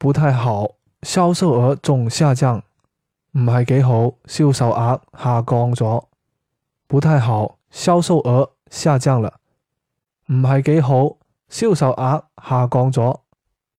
不太好，銷售額仲下降，唔係幾好，銷售額下降咗，不太好，銷售額下降了，唔係幾好，銷售額下降咗。